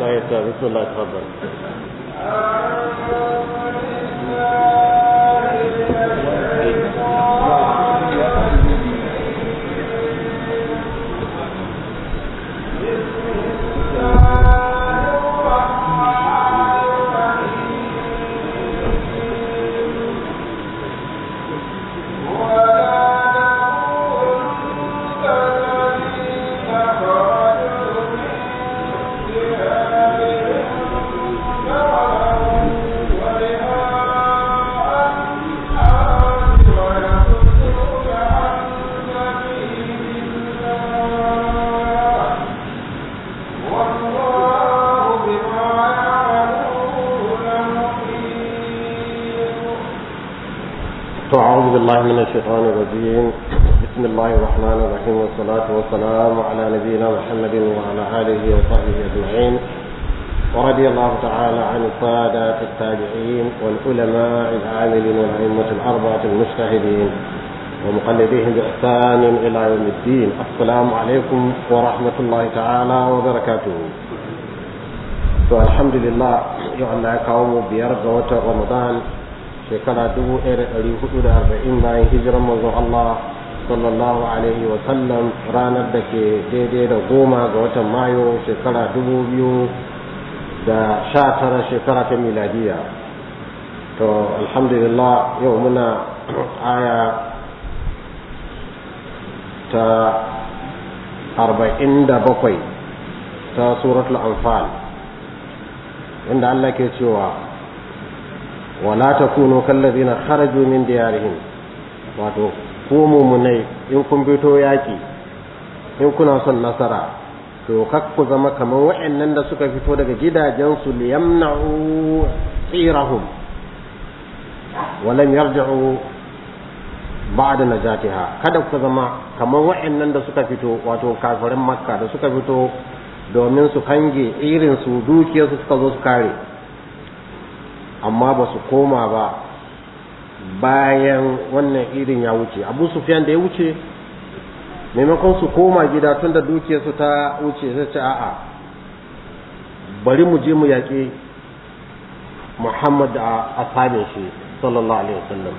طيب بسم الله تفضل من الشيطان الرجيم بسم الله الرحمن الرحيم والصلاة والسلام على نبينا محمد وعلى آله وصحبه أجمعين ورضي الله تعالى عن السادة التابعين والعلماء العاملين والأئمة الأربعة المجتهدين ومقلديهم بإحسان إلى يوم الدين السلام عليكم ورحمة الله تعالى وبركاته فالحمد لله يعني قوم بيرجع وتر رمضان shekara 1440 bayan hijiran manzon Allah sallallahu alaihi wa sallam ranar da ke daidai da goma ga watan mayu shekara da sha tara shekara ta miladiya to alhamdulillah yau muna aya ta arba'in da bakwai ta suratul anfal inda Allah ke cewa wala takunu kallazina kharaju min diyarihim wato ku mumunai in kun bito yaƙi, in kuna son nasara to kak ku zama kamar wa'annan da suka fito daga gidajensu liyamna'u tsirahum walam yarji'u ba'da najatiha kada ku zama kamar wa'annan da suka fito wato kafirin makka da suka fito domin su hange irin su dukiyar su suka zo su kare amma ba su koma ba bayan wannan irin ya wuce abu sufyan da ya wuce maimakon su koma gida tun da dukiyarsu ta wuce sai ce a'a bari mu je mu yaƙi muhammad a same shi sallallahu alaihi wasallam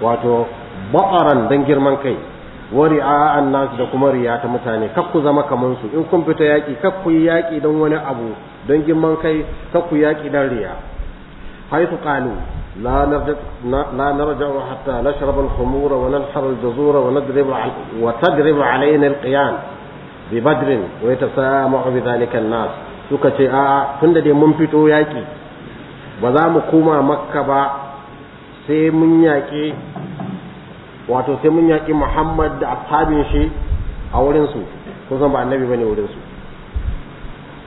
wato ba'aran don girman kai wari a'an nasu da kuma riya ta mutane kak ku zama kamar su in kun fita yaƙi kak ku yi yaƙi don wani abu don girman kai kak ku yaƙi don riya حيث قالوا لا نرجع, لا نرجع حتى نشرب الخمور وننحر الجزور ونضرب وتضرب علينا القيام ببدر ويتسامع بذلك الناس suka ce a tun da dai mun fito yaƙi ba za mu koma makka ba sai mun yaƙi wato sai mun yaƙi muhammad da ashabin shi a wurinsu ko san ba annabi bane wurinsu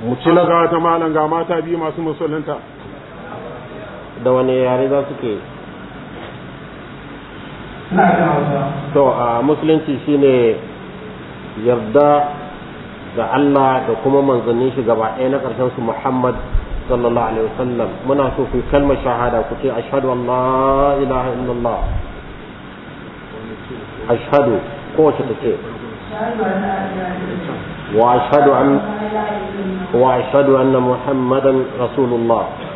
mu ci na ta malam ga mata biyu masu musulunta da wani yare za su ke to a musulunci shine yarda da Allah da kuma manzannin shi gaba ɗaya na ƙarshen su Muhammad sallallahu alaihi wasallam muna so ku kalmar shahada ku ce ashhadu an la ilaha illallah ashhadu ko ta ce wa ashhadu an wa ashhadu anna muhammadan rasulullah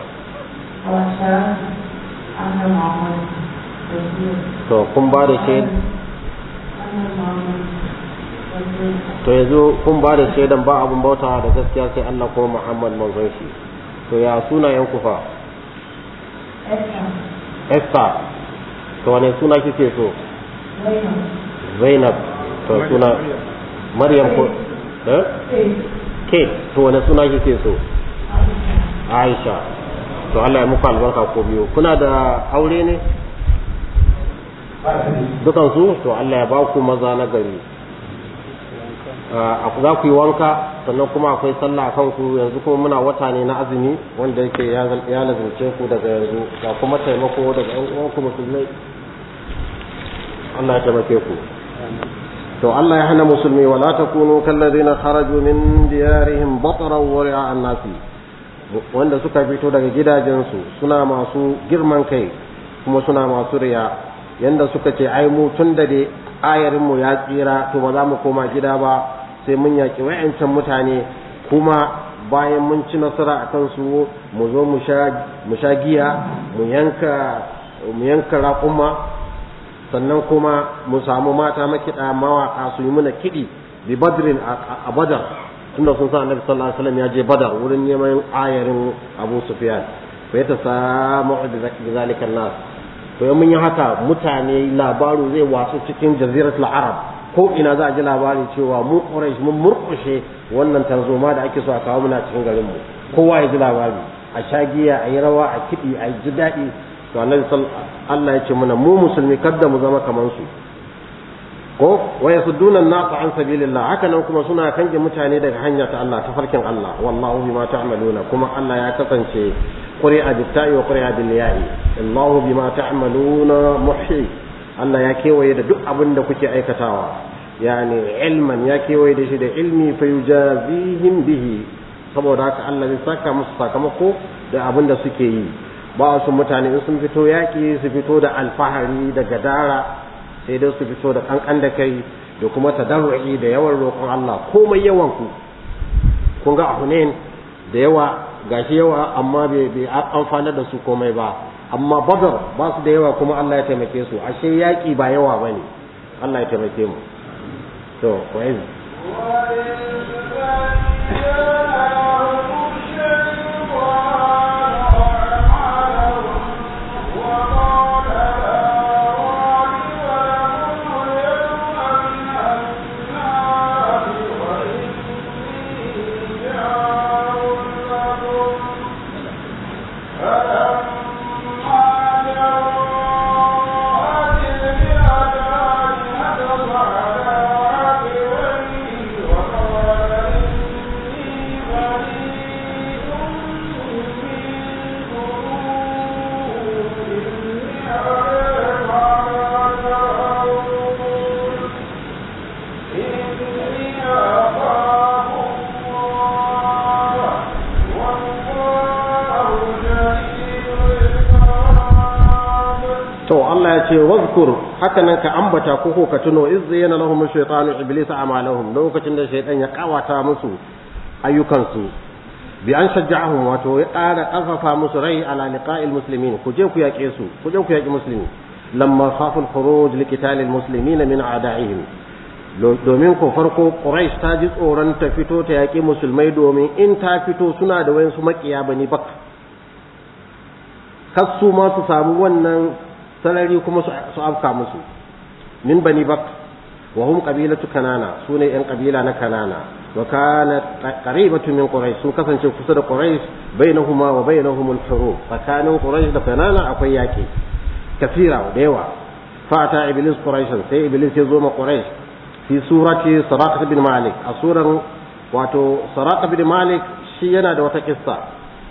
to kun ba da to yanzu kun ba da shaidan ba abin bauta da gaskiya sai Allah ko Muhammad manzon shi to ya sunayen ku fa Esther to wane suna kike so Zainab to suna Maryam ko eh Kate to wane suna kike so Aisha to Allah ya muku albarka ko biyo kuna da aure ne dukan su to Allah ya ba ku maza na gari za ku yi wanka sannan kuma akwai sallah kan ku yanzu kuma muna wata ne na azumi wanda yake ya lazimce ku daga yanzu ga kuma taimako daga yan ku musulmai Allah ya taimake ku to Allah ya hana musulmi wala takunu kallazina kharaju min diyarihim bataran wa ri'a an-nasi wanda suka fito daga gidajensu suna masu girman kai kuma suna masu riya yanda suka ce ai mu tun da dai ayarinmu ya tsira to ba za mu koma gida ba sai mun yaƙi wa'ancan mutane kuma bayan mun ci nasara a kansu mu zo mu sha giya mu yanka raƙumma sannan kuma mu samu mata makiɗa mawaƙa su yi muna kiɗi bi badrin a badar tunda sun san annabi sallallahu alaihi wasallam ya je badar wurin neman ayarin abu sufyan fa ya tasamu bi zalika nas to mun yi haka mutane labaru zai wasu cikin jaziratul arab ko ina za a ji labari cewa mu quraish mun murkushe wannan tarzoma da ake so a kawo muna cikin garin mu kowa ya ji labari a shagiya a yi rawa a kiɗi a ji daɗi to annabi Allah ya ce mana mu musulmi kada mu zama kaman su ko wa yasudduna an-nasa an sabilillah haka nan kuma suna kange mutane daga hanya ta Allah ta farkin Allah wallahu bima ta'maluna kuma Allah ya kasance qur'a bita'i wa qur'a bil ya'i Allahu bima ta'maluna muhi Allah ya kewaye da duk abin da kuke aikatawa yani ilman ya kewaye da shi da ilmi fa yujazihim bihi saboda haka Allah zai saka musu sakamako da abin da suke yi ba su mutane sun fito yaki su fito da alfahari da gadara sai dai su fito da kankan da kai da kuma tadarru'i da yawan roƙon Allah komai yawan ku kun ga Hunain da yawa gashi yawa amma bai bai amfanar da su komai ba amma Badar ba su da yawa kuma Allah ya taimake su ashe yaƙi ba yawa bane Allah ya taimake mu to haka nan ka ambata ko ko ka tuno iz zayyana lahum shaytanu iblis a'malahum lokacin da shaytan ya kawata musu ayyukan su bi an shajja'ahum wato ya ƙara ƙarfafa musu rai ala liqa'il muslimin ku je ku yaƙe su ku je ku yaƙi muslimi lamma khafu al-khuruj li al muslimin min a'da'ihim domin ko farko quraish ta ji tsoron ta fito ta yaƙi musulmai domin in ta fito suna da wayansu makiya bani bak kasu ma su samu wannan sarari kuma su afka musu min bani bak wa hum qabilatu kanana sune yan kabila na kanana wa kanat qaribatu min quraish sun kasance kusa da quraish bainahuma wa bainahum al-hurub tsakanin quraish da kanana akwai yaki kafira da yawa fata iblis quraish sai iblis ya zo ma quraish fi surati saraqah bin malik a suran wato saraqah bin malik shi yana da wata kissa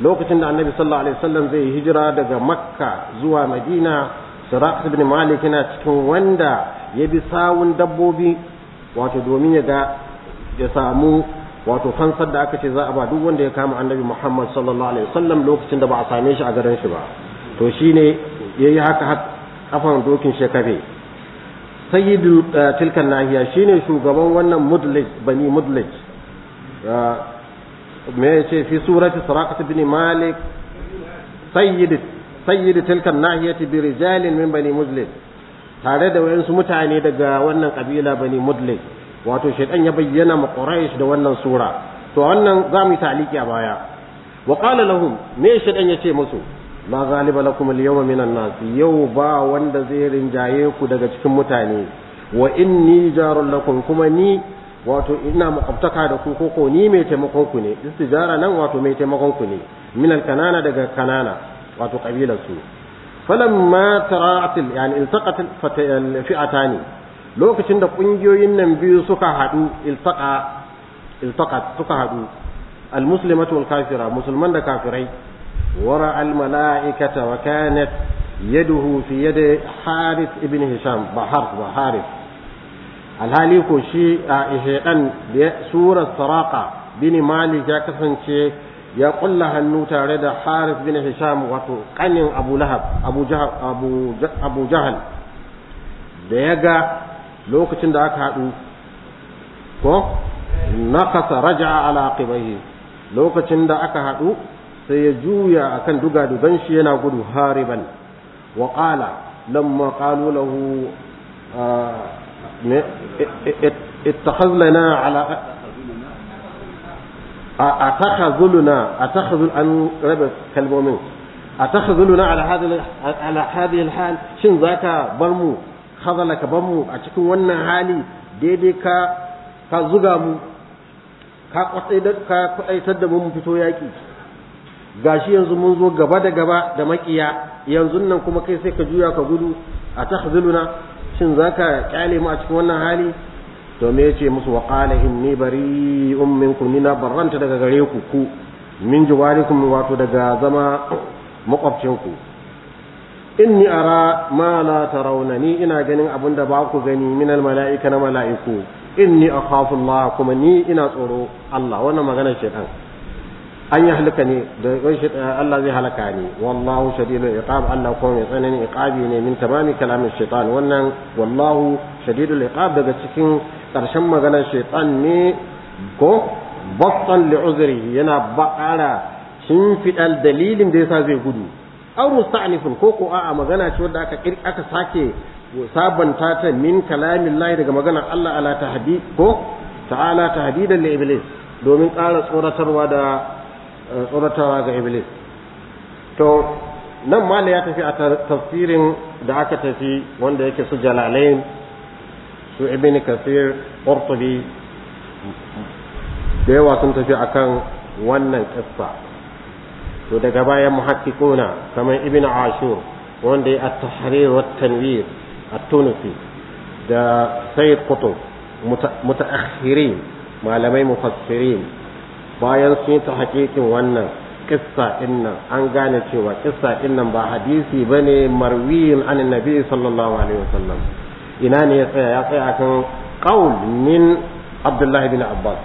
lokacin da annabi sallallahu alaihi wasallam zai hijira daga makka zuwa madina shirak ibn malik yana cikin wanda ya bi sawun dabbobi wato domin ya ga ya samu wato fansar da aka ce za a ba duk wanda ya kama annabi muhammad sallallahu alaihi wasallam lokacin da ba a same shi a garin shi ba to shine yayi haka har kafan dokin shekafe sayyidul eh, tilkan nahiya shine shugaban wannan mudlij bani mudlij eh, me yace fi surati siraqat ibn malik sayyidul sayyid tilkan nahiyati bi rijalin min bani muzlim tare da wayansu mutane daga wannan kabila bani mudlin wato shaitan ya bayyana ma quraish da wannan sura to wannan za mu yi taliki a baya wa qala lahum me shaitan ya ce musu ma ghaliba lakum al-yawma minan nas yau ba wanda zai rinjaye ku daga cikin mutane wa inni jarul lakum kuma ni wato ina makwabtaka da ku koko ni mai taimakon ku ne istijara nan wato mai taimakon ku ne min kanana daga kanana wato kabilar su falamma tara'atil yani iltaqat fi'atani lokacin da ƙungiyoyin nan biyu suka hadu iltaqa iltaqat suka hadu almuslimatu wal kafira musulman da kafirai wara al mala'ikata wa kanat yaduhu fi yadi harith ibn hisham ba harith ba harith alhali ko shi a ihedan da surar saraka bin malik ya kasance ya kulla hannu tare da Haris bin Hisham wato kanin Abu Lahab Abu Jahal Abu Jahal da ya ga lokacin da aka haɗu ko nakasa raja'a ala qibaihi lokacin da aka haɗu sai ya juya akan duga ban shi yana gudu hariban wa qala lamma qalu lahu ah, ala a takhazuluna a takhazul an raba kalmomin a takhazuluna ala hadhihi hal shin zaka bar mu khazala ka bar mu a cikin wannan hali daidai ka ka zuga mu ka kwatsaitar da mu fito yaƙi gashi yanzu mun zo gaba da gaba da makiya yanzu nan kuma kai sai ka juya ka gudu a tahziluna shin zaka kyale mu a cikin wannan hali to me yace musu wa qala inni bari'un minkum ni barranta daga gare ku ku min jiwarikum wato daga zama makwabcin ku inni ara ma la tarawna ni ina ganin abin da ba ku gani min al mala'ika na mala'iku inni akhafu Allah kuma ni ina tsoro Allah wannan magana ce dan an yi halaka ne da eh, Allah zai halaka ne wallahu shadidul iqab Allah kuma mai tsananin iqabi ne min tamami kalamin shaitan wannan wallahu shadidul iqab daga cikin ƙarshen maganar shaitan ne ko bastan li'uzuri yana baƙara fidal dalilin da yasa zai gudu aw musta'nifun ko ko a'a magana ce wadda aka aka sake sabanta ta min kalamin lahi daga magana Allah ala tahdi ko ta'ala tahdidan li iblis domin ƙara tsoratarwa da eh, tsoratarwa ga iblis to nan ma ya tafi a tafsirin da aka tafi wanda yake su jalalain su ibn kasir qurtubi da yawa sun tafi akan wannan kissa to daga baya muhakkikuna kamar ibn ashur wanda ya at-tahrir wa tanwir at-tunisi da sayyid qutub mutaakhirin malamai mufassirin bayan sun ta hakikin wannan kissa innan an gane cewa kissa innan ba hadisi bane marwiyin an nabi sallallahu alaihi wasallam ina ne ya tsaya ya tsaya akan qaul min abdullahi bin abbas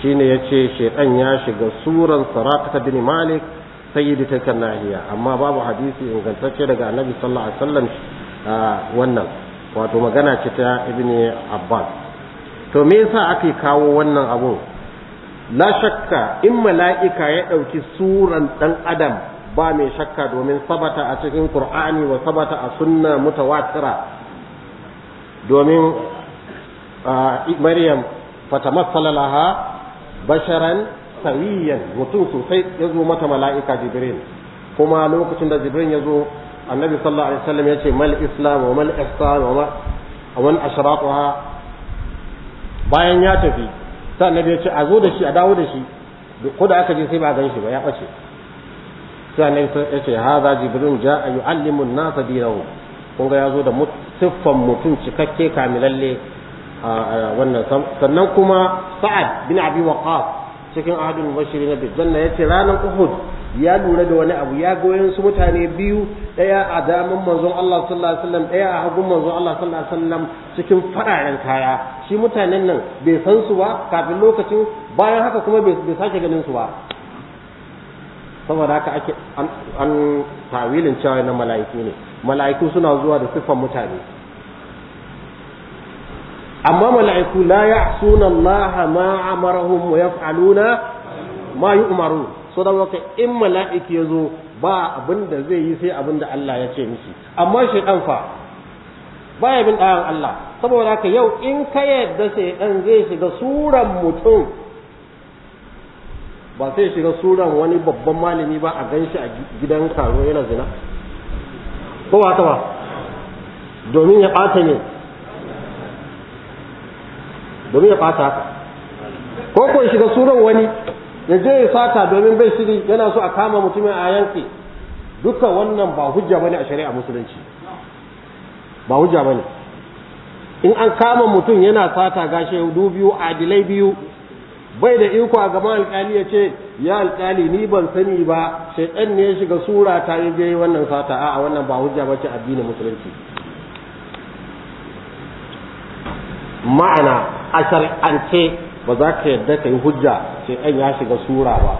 shine yace shaytan ya shiga suran saraqata bin malik sayyidi ta nahiya amma babu hadisi ingantacce daga annabi sallallahu alaihi wasallam wannan wato magana ce ta ibni abbas to me yasa aka kawo wannan abun la shakka in mala'ika ya ɗauki suran ɗan adam ba mai shakka domin sabata a cikin Kur'ani wa sabata a sunna mutawatira domin maryam fatamassala laha basharan sawiyan mutum sosai ya zo mata mala'ika jibril kuma lokacin da jibril ya zo annabi sallallahu alaihi wasallam ya ce mal islam wa mal ihsan wa man ashraqaha bayan ya tafi sai annabi ya ce a zo da shi a dawo da shi ko da aka je sai ba gan shi ba ya bace sai annabi ya ce hadha jibril ja'a yu'allimu an-nasa dinahu kun ga ya zo da siffan mutum cikakke kamilalle wannan sannan kuma sa'ad bin abi waqas cikin ahadul mubashirin bil janna yace ranar uhud ya lura da wani abu ya ga su mutane biyu daya a daman manzon Allah sallallahu alaihi wasallam daya a hagun manzon Allah sallallahu alaihi wasallam cikin fararen kaya shi mutanen nan bai san su ba kafin lokacin bayan haka kuma bai sake ganin su ba saboda haka ake an tawilin cewa na mala'iku ne mala'iku suna zuwa da siffan mutane amma mala'iku la ya'suna Allah ma amarahum wa yaf'aluna ma yu'maru so da waka in mala'iki yazo ba abin da zai yi sai abin da Allah ya ce miki amma shaytan fa baya bin ɗayan Allah saboda haka yau in ka yadda ɗan zai shiga suran mutum ba sai shiga suran wani babban malami ba a ganshi a gidan karo yana zina ko ba ba domin ya ɓata ne domin ya ɓata haka ko ko shiga suran wani ya je ya sata domin bai shiri yana so a kama mutumin a yanke dukkan wannan ba hujja bane a shari'a musulunci ba hujja bane in an kama mutum yana sata gashe dubiyu biyu adilai biyu bai da iko a gaban alkali ya ce ya alƙali ni ban sani ba shaitan ne ya shiga sura ta yi je wannan sata a wannan ba hujja ba ce addinin musulunci ma'ana a shari'ance ba za ka yadda ka yi hujja shaitan ya shiga sura ba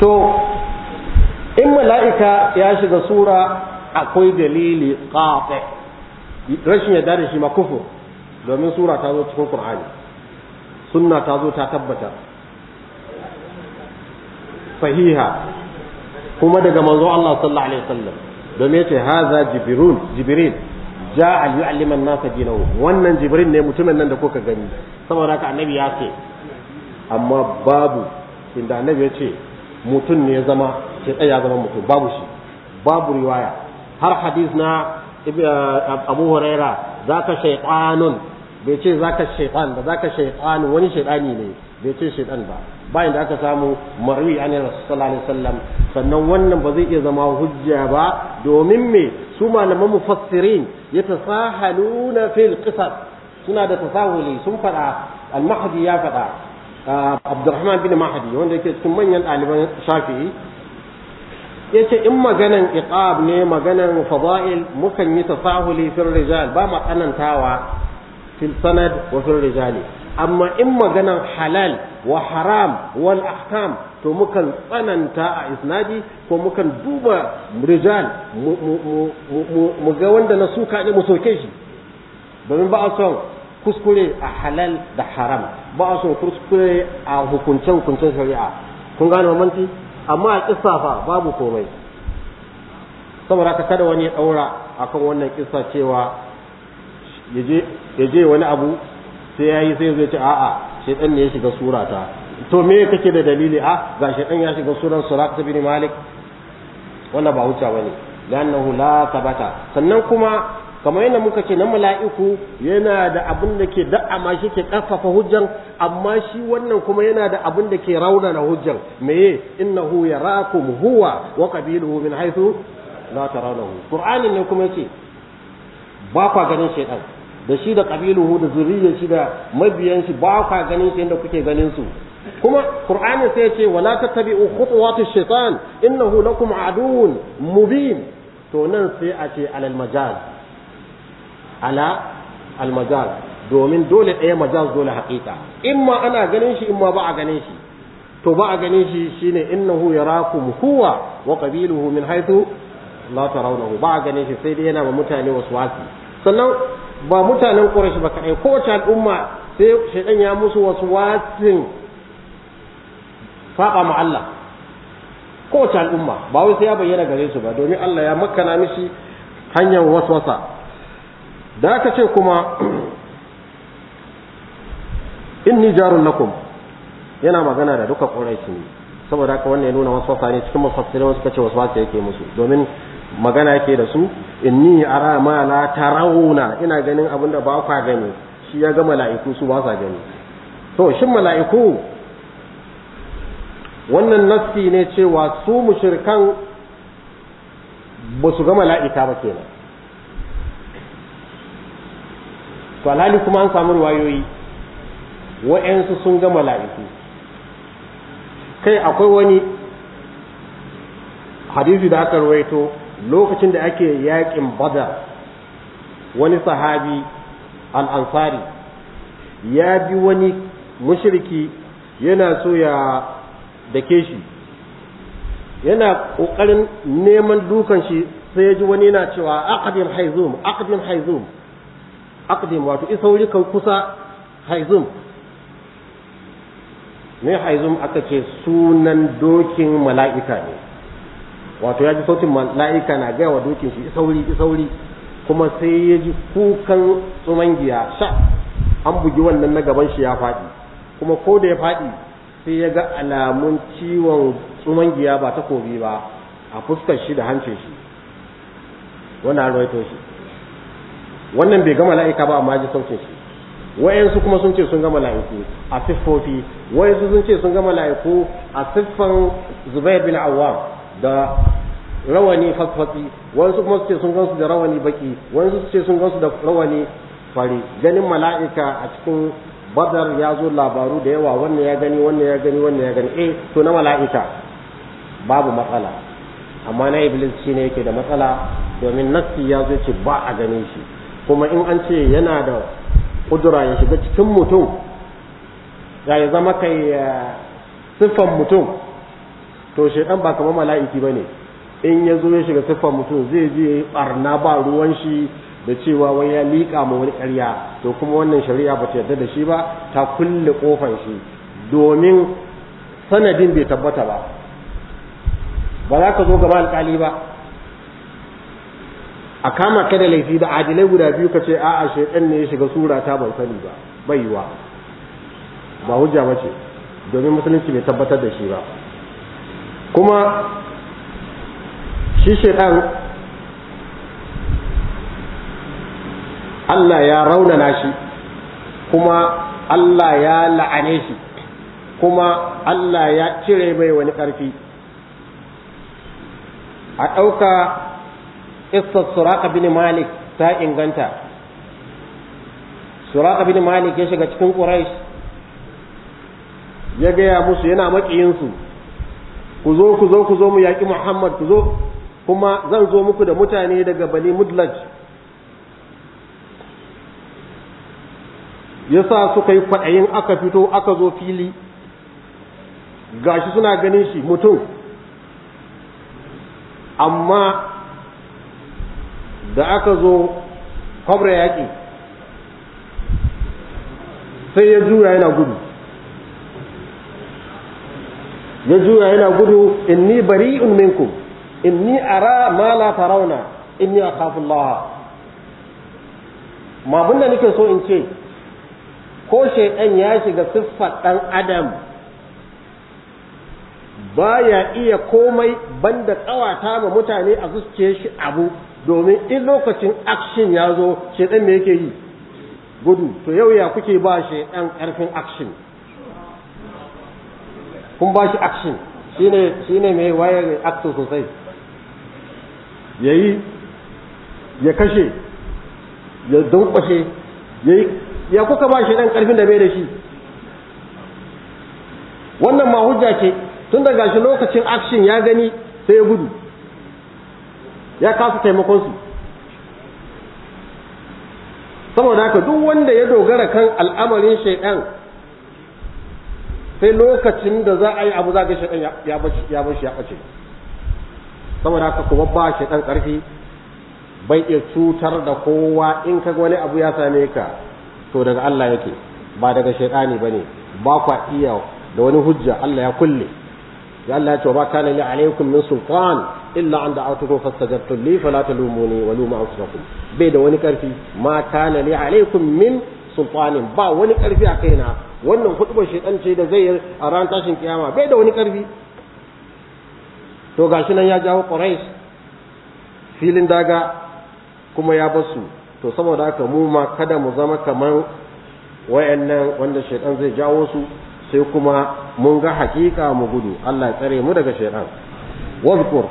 to in mala'ika ya shiga sura akwai dalili ƙafe rashin yadda da shi ma kufur domin sura ta zo cikin qur'ani sunna ta zo ta tabbata sahiha kuma daga manzo Allah sallallahu alaihi wasallam domin yace haza jibril jibril ja'a yu'allima an-nasa dinahu wannan jibril ne mutumin nan da kuka gani saboda haka annabi ya ce amma babu inda annabi ya ce mutum ne ya zama ke tsaya zama mutum babu shi babu riwaya har hadis na abu huraira zaka shaytanun bai ce zaka shaytan ba zaka shaytan wani shaytani ne bai ce shaytan ba bayan da aka samu marwi an rasul sallallahu alaihi wasallam sannan wannan ba zai iya zama hujja ba domin me su malaman mufassirin na fil qisas suna da tasahuli sun fada al-mahdi ya fada ah, Abdurrahman bin Mahdi wanda yake cikin manyan ɗaliban Shafi'i yace in maganan iqab ne maganan fada'il mukan yi tasahuli fil rijal ba ma tsanantawa fil sanad wa fil rijali amma in maganan halal wa haram wal ahkam to mukan tsananta a isnadi ko mukan duba rijal mu ga wanda na suka ne mu soke shi domin ba a son kuskure a halal da haram ba a son kuskure a hukuncen hukuncen shari'a kun gane mamanci amma a kissa fa babu komai saboda ka kada wani ya daura akan wannan kissa cewa ya je ya je wani abu sai ya yi sai zai ce a'a shaitan ne ya shiga surata to me kake da dalili a ah, ga shaitan ya shiga suran surata bin malik wannan ba wuta bane lannahu la tabata sannan kuma kamar yadda muka ce na mala'iku yana da abin da ke amma shi ke ƙarfafa hujjan amma shi wannan kuma yana da abin da ke raunana hujjan meye innahu yarakum huwa wa qabiluhu min haythu la tarawnahu qur'ani ne kuma yace ba kwa ganin shaytan da shi da kabiluhu da zuriyar shi da mabiyan shi ba kwa ganin shi inda kuke ganin su kuma qur'ani sai ce wala tattabi'u khutuwati shaitan innahu lakum aduwwun mubin to nan sai a ce alal majaz ala al majaz domin dole ɗaya majaz dole haƙiƙa ma ana ganin shi ma ba a ganin shi to ba a ganin shi shine innahu yarakum huwa wa qabiluhu min haythu la tarawnahu ba a ganin shi sai dai yana ma mutane wasi sannan ba mutanen ƙorashi ba kaɗai kowace al'umma sai shaytan ya musu wasu wasin faɗa ma Allah kowace al'umma ba wai sai ya bayyana gare su ba domin Allah ya makana mishi hanyar waswasa da aka ce kuma inni jarun lakum yana magana da duka ƙurashi saboda haka wannan ya nuna waswasa ne cikin mufassirin suka ce waswasa yake musu domin magana ke da su inni ara ma la tarawuna ina ganin abin da ba kwa gani shi ya ga mala'iku su ba sa gani to shin mala'iku wannan nassi ne cewa su mushrikan ba su ga mala'ika ba kenan to alhali kuma an samu riwayoyi wa'yansu sun ga mala'iku kai akwai wani hadisi da aka rawaito lokacin da ake yaƙin badar wani sahabi ansari, ya bi wani mushriki yana so ya dake shi yana ƙoƙarin neman dukan shi sai ya ji wani yana cewa aqdim haizum aqdim haizum aqdim wato isauri kan kusa haizum ne haizum aka ce sunan dokin mala'ika ne wato ya ji sautin mala'ika na gaya wa dokin shi isauri sauri kuma sai ya ji kukan giya sha an bugi wannan na gaban shi ya faɗi kuma ko da ya faɗi sai ya ga alamun ciwon giya ba ta kobi ba a fuskar shi da hancin shi wannan rawaito shi wannan bai ga mala'ika ba amma ji sautin shi wayansu kuma sun ce sun ga mala'iku a siffofi wayansu sun ce sun ga mala'iku a siffan Zubair bin Awwam da rawani fasfasi wasu kuma suke sun gansu da rawani baki wasu ce sun gansu da rawani fari ganin mala'ika a cikin badar ya zo labaru da yawa wannan ya gani wannan ya gani wannan ya gani eh to na mala'ika babu matsala amma na iblis shi ne yake da matsala domin nassi ya zo ce ba a gani shi kuma in an ce yana da kudura ya shiga cikin mutum ya zama kai eh, siffan mutum to shaidan ba kamar mala'iki ba ne in ya zo ya shiga siffar mutum zai je ya barna ba ruwan shi da cewa wai ya liƙa ma wani ƙarya to kuma wannan shari'a ba ta yarda da shi ba ta kulle ƙofan shi domin sanadin bai tabbata ba ba za ka zo gaba alƙali ba a kama ka da laifi da adilai guda biyu ka ce a'a shaidan ne ya shiga sura ta ban sani ba yiwa, ba hujja ba ce domin musulunci bai tabbatar da shi ba kuma shi shaitan Allah ya raunana shi kuma Allah ya la'ane shi kuma Allah ya cire mai wani ƙarfi a ɗauka istar suraka bin malik ta inganta suraka bin malik ya shiga cikin ƙuraish ya gaya musu yana maƙiyinsu ku zo ku zo ku zo mu yaƙi muhammad ku zo kuma zan zo muku da mutane daga bani mudlaj yasa suka yi kwaɗayin aka fito aka zo fili gashi suna ganin shi mutum amma da aka zo kwabra yaƙi sai ya jura yana gudu ya juya yana gudu inni bari'un minkum inni ara ma la tarawna inni akhafu Allah ma abinda nake so in ce ko shaydan ya shiga siffar dan adam baya iya komai banda tsawata ma mutane a zuciyar shi abu domin in lokacin akshin ya zo shaydan me yake yi gudu to yau ya kuke ba shaydan ƙarfin action kun ba shi action shine shine mai waye mai action sosai yayi ya kashe ya dunkwashe yayi ya kuka ba shi dan karfin da bai da shi wannan ma hujja ce tun daga shi lokacin action ya gani sai ya gudu ya kasa taimakon su saboda haka duk wanda ya dogara kan al'amarin shaidan sai lokacin da za a yi abu za ga shaɗan ya bashi ya ɓace saboda haka kuma ba shaɗan ƙarfi bai iya cutar da kowa in ka wani abu ya same ka to daga Allah yake ba daga shaɗani ba ne ba kwa iya da wani hujja Allah ya kulle ya Allah ya ce ba kana li alaikum min sultan illa an da'atukum fastajabtu li fala talumuni wa lumu anfusakum bai da wani ƙarfi ma kana li alaikum min sultanin ba wani karfi a kaina wannan hutubar shaitan ce da zai a ran tashin kiyama bai da wani karfi to gashi nan ya jawo quraish filin daga kuma ya basu to saboda haka mu ma kada mu zama kamar wayannan wanda shaitan zai jawo su sai kuma mun ga hakika mu gudu Allah ya tsare mu daga shaitan wazkur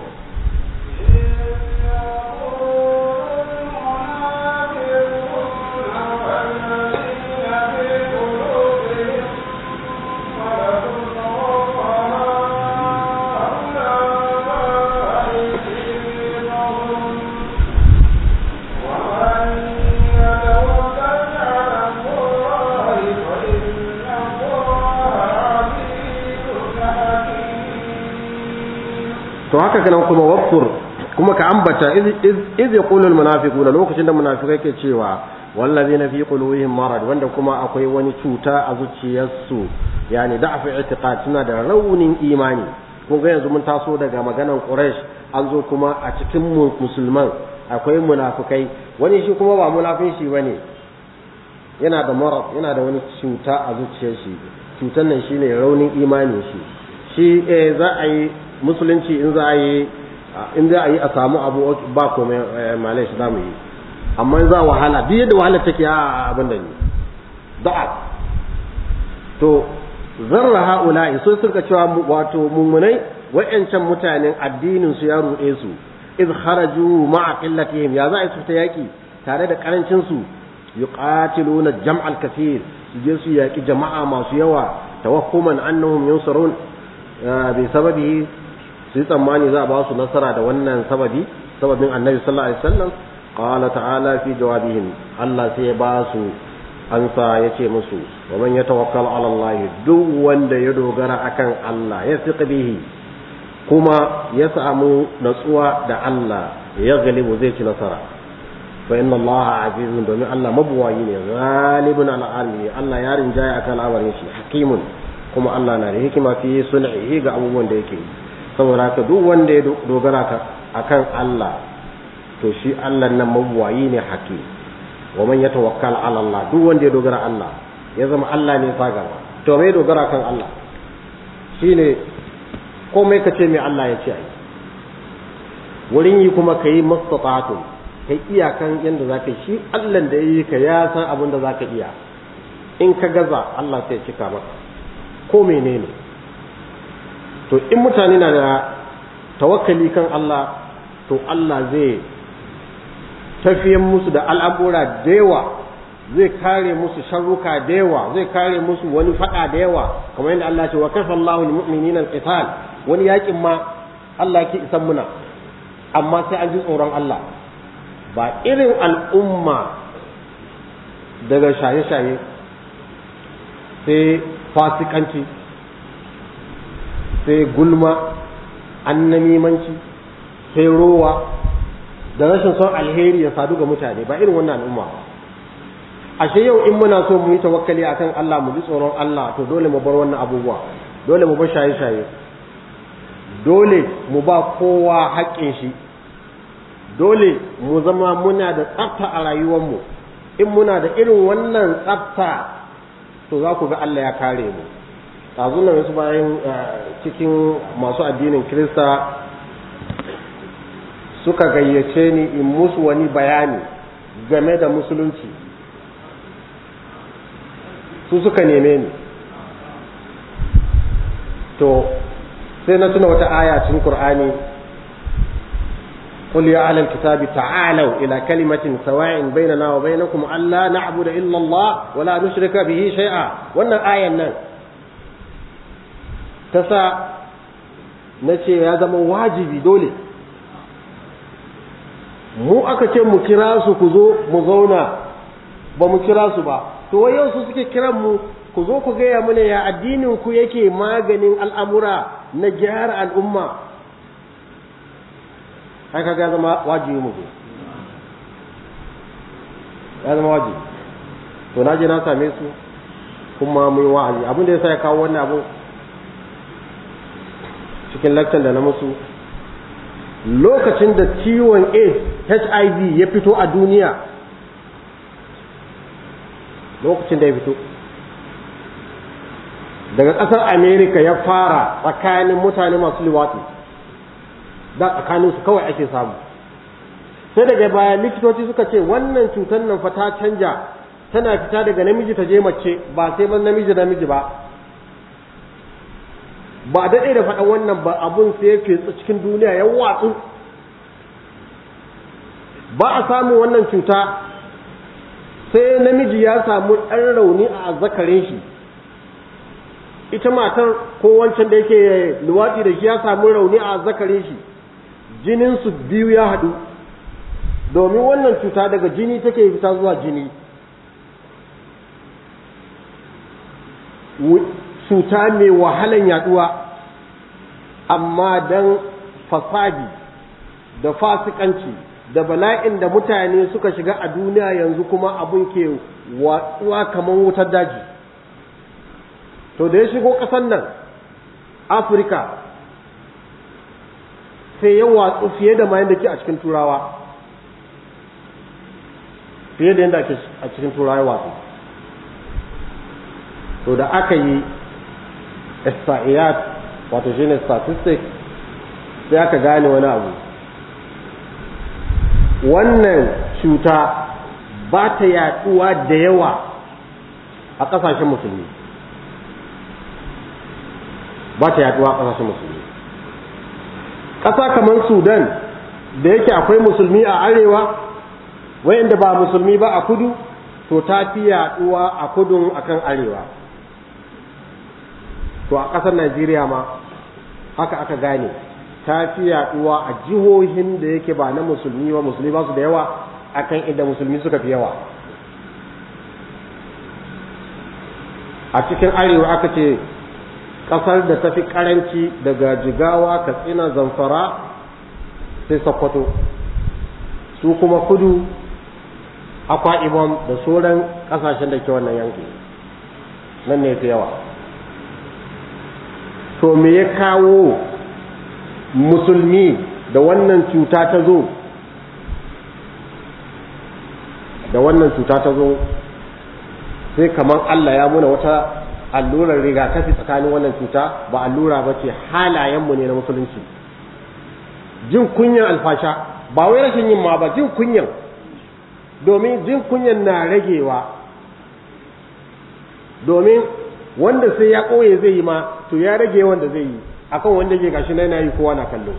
nan kuma kuma ka ambata iz yaqulu al munafiquna lokacin da munafikai ke cewa na fi qulubihim marad wanda kuma akwai wani cuta a zuciyarsu yani da'fu i'tiqad suna da raunin imani ko ga yanzu mun taso daga maganan quraish an zo kuma a cikin musulman akwai munafikai wani shi kuma ba munafin shi bane yana da marad yana da wani cuta a zuciyarsa cutar nan shine raunin imani shi shi eh, za a yi musulunci in za a yi in za a yi a samu abu ba komai eh, malai shi za mu yi amma in za wahala duk yadda wahala take a abin da ne da'a to zarra ha'ula'i sun suka cewa wato mummunai wa'yancan mutanen addinin su ya ruɗe su iz kharaju ma'a qillatihim ya za a ta yaki tare da karancin su yuqatiluna jam'al kathir su je su yaki jama'a masu yawa tawakkuman annahum yunsarun eh, bi sababi su yi tsammani za a ba su nasara da wannan sababi sababin annabi sallallahu alaihi wasallam qala ta'ala fi jawabihim Allah sai ya ba su ansa yace musu wa man yatawakkal ala Allah duk wanda ya dogara akan Allah ya siqi bihi kuma ya samu natsuwa da Allah ya galibu zai ci nasara fa inna Allah azizun domin Allah mabuwayi ne ghalibun ala alimi Allah ya rinjaya akan al'amarin shi hakimun kuma Allah na da hikima fi sun'ihi ga abubuwan da yake yi saboda haka duk wanda ya dogara akan Allah to shi Allah nan mawayi ne haƙi wa man yatawakkal ala Allah duk wanda ya dogara Allah ya zama Allah ne fa to me dogara kan Allah shine komai ka ce me Allah ya ce ai wurin yi kuma ka yi kai iyakan yanda za ka shi Allah da yayi yi ka ya san abin da za iya in ka gaza Allah sai cika maka ko menene ne to in mutane na da tawakkali kan Allah to Allah zai tafiyan musu da al'abura da yawa zai kare musu sharruka da yawa zai kare musu wani fada da yawa kamar yadda Allah ce wa kafa Allahu lil mu'minina al-qital wani yakin ma Allah ke isan muna amma sai an ji tsoron Allah ba irin al'umma daga shaye-shaye sai fasikanci sai gulma annamimanci sai rowa da rashin son alheri ya sadu ga mutane ba irin wannan al'umma ashe yau in muna so mu yi tawakkali akan Allah mu ji tsoron Allah to dole mu bar wannan abubuwa dole mu bar shaye-shaye dole mu ba kowa haƙƙin shi dole mu zama muna da tsafta a rayuwarmu in muna da irin wannan tsafta to za ku ga Allah ya kare mu abun da wasu bayan eh, cikin masu addinin kirista suka gayyace ni in musu wani bayani game da musulunci su suka neme ni to sai na tuna wata aya cikin qur'ani قل يا أهل الكتاب تعالوا إلى كلمة سواء بيننا وبينكم ألا نعبد إلا الله ولا نشرك به شيئا وأن آية الناس ta sa na ce ya zama wajibi dole mu aka ce mu kira su ku zo mu zauna ba mu kira su ba to wai yau su suke kiran mu ku zo ku gaya mana ya addinin ku yake maganin al'amura na gyara al'umma ai ka ya zama wajibi mu zo ya zama wajibi to na je na same su kuma yi wa'azi abin da ya sa ya kawo wannan abu cikin lakcan da na musu lokacin da ciwon a hiv ya fito a duniya lokacin da ya fito daga ƙasar amerika ya fara tsakanin mutane masu liwatu da tsakaninsu kawai ake samu sai daga baya likitoci suka ce wannan cutar nan fa ta canja tana fita daga namiji ta je mace ba sai ban namiji namiji ba ba daɗe da faɗa wannan ba abun sai ya fetsa cikin duniya ya watsu ba a samun wannan cuta sai namiji ya samu ɗan rauni a zakarin shi ita matar ko wancan da yake luwaɗi da shi ya samu rauni a zakarin shi jininsu biyu ya haɗu domin wannan cuta daga jini take fita zuwa jini cuta mai wahalan yaduwa amma dan fasadi da fasikanci da bala'in da mutane suka shiga a duniya yanzu kuma abin ke watsuwa kamar wutar daji to da ya shigo ƙasar nan afirka sai ya watsu fiye da mayan da ke a cikin turawa fiye da yadda a cikin turawa watsu to da aka yi ihsa'iyat wato shine statistics sai aka gane wani abu wannan cuta ba ta yaduwa da yawa a ƙasashen musulmi ba ta yaduwa a kasashen musulmi ƙasa kamar sudan da yake akwai musulmi a arewa wayanda ba musulmi ba a kudu to ta fi yaduwa a kudun akan arewa to a ƙasar najeriya ma haka aka gane ta fi yaɗuwa a jihohin da yake ba na musulmi ba musulmi ba su da yawa akan inda musulmi suka fi yawa a cikin arewa aka ce ƙasar da ta fi ƙaranci daga jigawa katsina zamfara sai sokoto su kuma kudu akwa ibom da sauran ƙasashen da ke wannan yanki nan ne fi yawa to me ya kawo musulmi da wannan cuta ta zo da wannan cuta ta zo sai kamar Allah ya muna wata allurar rigakafi tsakanin wannan cuta ba allura ba ce halayenmu ne na musulunci jin kunyan alfasha ba wai rashin yin ma ba jin kunyan domin jin kunyan na ragewa domin wanda sai ya ɓoye zai yi ma to ya rage yawan da zai yi akan wanda ke gashi na yana yi kowa na kallo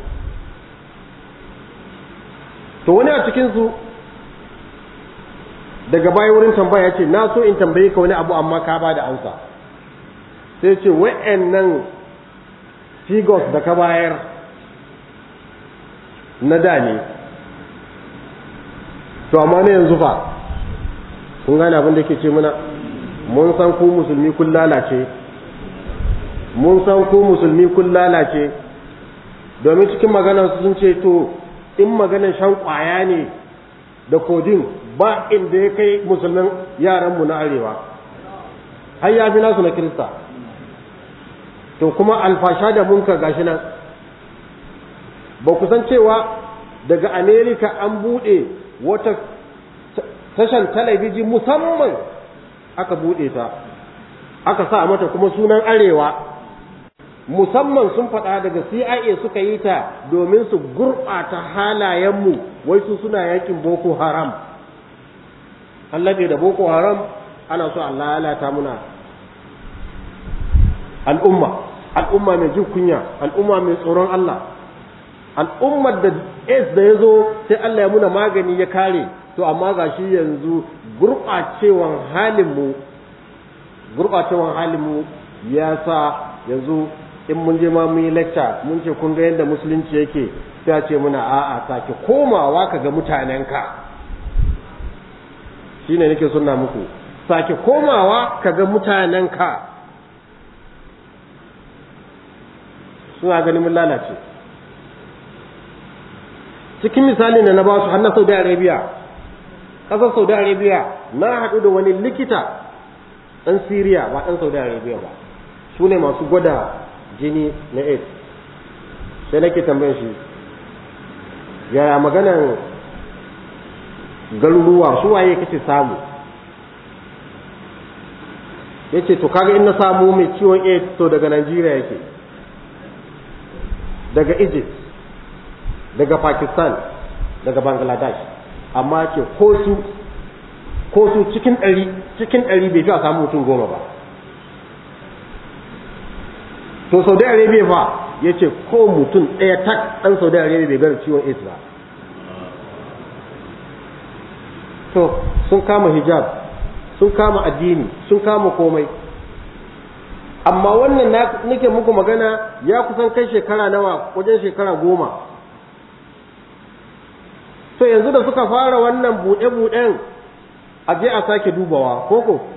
to wani a cikin su daga baya wurin tambaya ce na so in tambaye ka wani abu amma ka ba da amsa sai ce wa'annan figos da ka bayar na da ne to amma na yanzu fa kun gane abin da ke ce muna mun san ku musulmi kun lalace mun san ku musulmi kun lalace domin cikin maganar sun ce to in magana shan kwaya ne da kodin ba inda ya kai musulmin yaranmu na arewa har ya fi nasu na kirista to kuma alfasha da munka gashi nan ba ku san cewa daga amerika an buɗe wata tashan talabijin musamman aka buɗe ta aka sa mata kuma sunan arewa musamman sun faɗa daga CIA suka yi ta domin su gurɓata halayenmu wai su suna yakin Boko Haram an laɓe da Boko Haram ana so Allah lalata muna al'umma al'umma mai jin kunya al'umma mai tsoron Allah al'ummar da AIDS da ya zo sai Allah ya muna magani ya kare to amma ga shi yanzu gurɓacewan halinmu gurɓacewan halinmu ya sa yanzu in mun je ma mun yi lecture mun ce kun ga yadda musulunci yake sai ce muna a'a sake komawa ka ga mutanenka shine nake sunna muku sake komawa ka ga mutanenka suna ganin mun lalace cikin misali ne na basu su na Saudi Arabia ƙasar Saudi Arabia na haɗu da wani likita ɗan Siriya ba ɗan Saudi Arabia ba su ne masu gwada jini na aids sai nake tambayar shi yaya maganan garuruwa su waye kace samu yace to kaga in na samu mai ciwon aids to daga Najeriya yake daga Egypt daga Pakistan daga Bangladesh amma ke ko su ko su cikin ɗari cikin ɗari bai fi a samu mutum goma ba to saudi arabia fa ya ce ko mutum ɗaya tak ɗan saudi arabia bai gane ciwon aids ba to sun kama hijab sun kama addini sun kama komai amma wannan na nake muku magana ya kusan kai shekara nawa wajen shekara goma to yanzu da suka fara wannan buɗe-buɗen a je a sake dubawa koko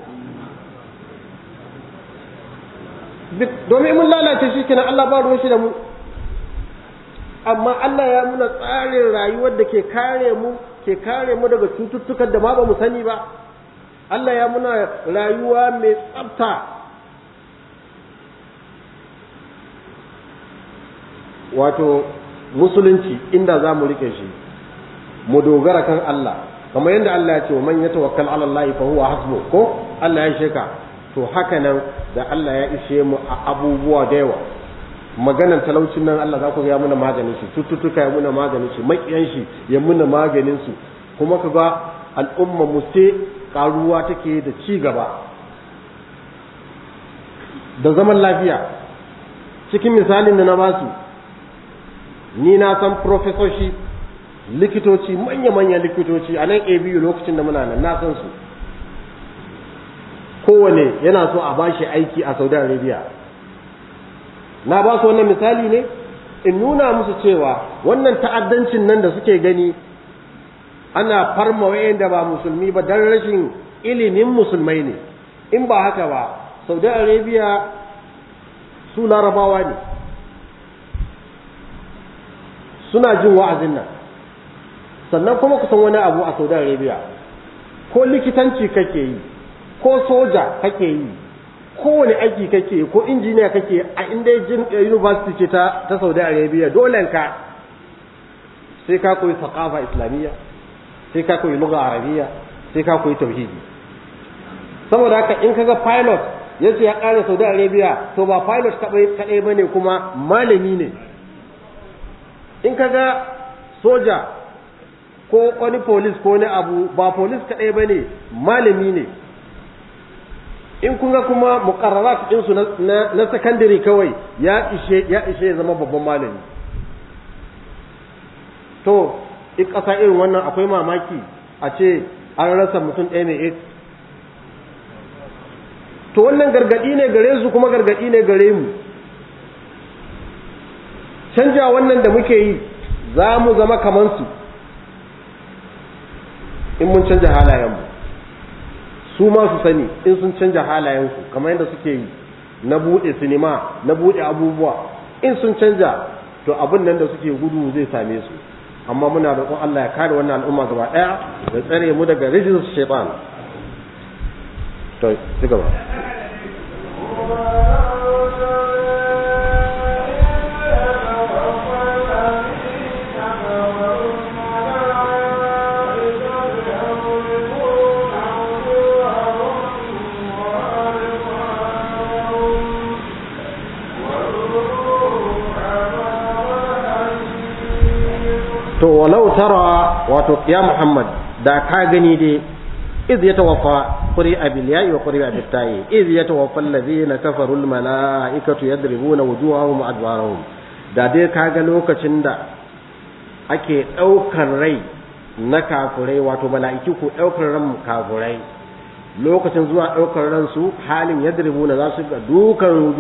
domin mun lalace shi kenan Allah ba ruwan shi da mu amma Allah ya muna tsarin rayuwar da ke kare mu ke kare mu daga cututtukan da ma ba mu sani ba Allah ya muna rayuwa mai tsafta wato musulunci inda za mu rike shi mu dogara kan Allah kamar yadda Allah ya ce wa man yatawakkal ala Allah fa huwa hasbu ko Allah ya sheka to haka nan da Allah ya ishe mu a abubuwa da yawa maganan talaucin nan Allah za ku ya muna maganin shi tututtuka ya muna maganin shi makiyan shi ya muna maganin su kuma ka ga al'umma mu karuwa take da ci gaba da zaman lafiya cikin misalin da na basu ni na san profesoshi likitoci manya manya likitoci a nan abu lokacin da muna nan na san su kowane yana so a ba shi aiki a saudi arabia na ba su wannan misali ne in nuna musu cewa wannan ta'addancin nan da suke gani ana farma wayanda ba musulmi ba don rashin ilimin musulmai ne in ba haka ba saudi arabia su larabawa ne suna jin wa'azin nan sannan kuma kusan wani abu a saudi arabia ko likitanci kake yi ko soja kake yi kowane aiki kake ko injiniya kake a inda eh, university ce ta ta saudi arabia dolen ka sai ka koyi sakafa islamiyya sai ka koyi lugha arabiya sai ka koyi tauhidi saboda haka in kaga pilot yace ya kare saudi arabia to ba pilot kadai bane kuma malami ne in kaga soja ko wani polis ko wani abu ba polis kadai bane malami ne in kun ga kuma muqarrarat din su na secondary kawai ya ishe ya ishe zama babban malami to in ƙasa irin wannan akwai mamaki a ce an rasa mutum ɗaya ne to wannan gargaɗi ne gare su kuma gargaɗi ne gare mu canja wannan da muke yi za mu zama su, in mun canja halayenmu su ma su sani in sun canja halayensu kamar yadda suke yi na buɗe sinima na buɗe abubuwa in sun canja to abin nan da suke gudu zai same su amma muna roƙon Allah ya kare wannan al'umma gaba ɗaya da tsare mu daga rijis shaitan to ci gaba to walau tara wato ya muhammad da ka gani dai iz tawafa kuri abil ya'i wa kuri abil ta'i iz yatawaffa allazina kafaru al mala'ikatu yadribuna wujuhahum adwarahum da dai ka ga lokacin da ake daukar rai na kafurai wato mala'iki ko daukar ran kafurai lokacin zuwa daukar ran su halin yadribuna za su ga dukan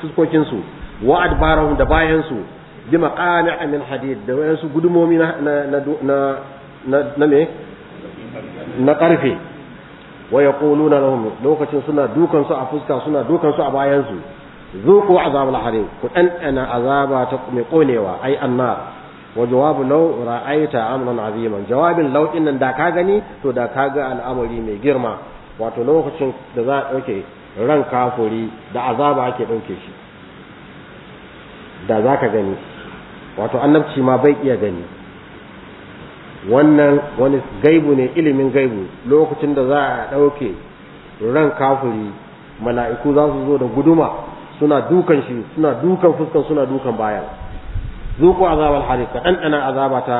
fuskokin su wa adbarahum da bayan su bi maqani'a min hadid da wayansu gudumomi na na na na me na karfe wa yaquluna lahum lokacin suna dukan su a fuska suna dukan su a bayan su zuqu azab al-harim ku dan ana azaba ta mai konewa ai annar wa jawabu law ra'aita amran aziman jawabin law din nan da ka gani to da ka ga al'amari mai girma wato lokacin da za a dauke ran kafuri da azaba ake dauke shi da za ka gani wato annabci ma bai iya gani wannan wani gaibu ne ilimin gaibu lokacin da za a ɗauke ran kafuri mala'iku za su zo da guduma suna dukan shi suna dukan fuskan suna dukan bayan zuku azabar harika ɗanɗana azaba ta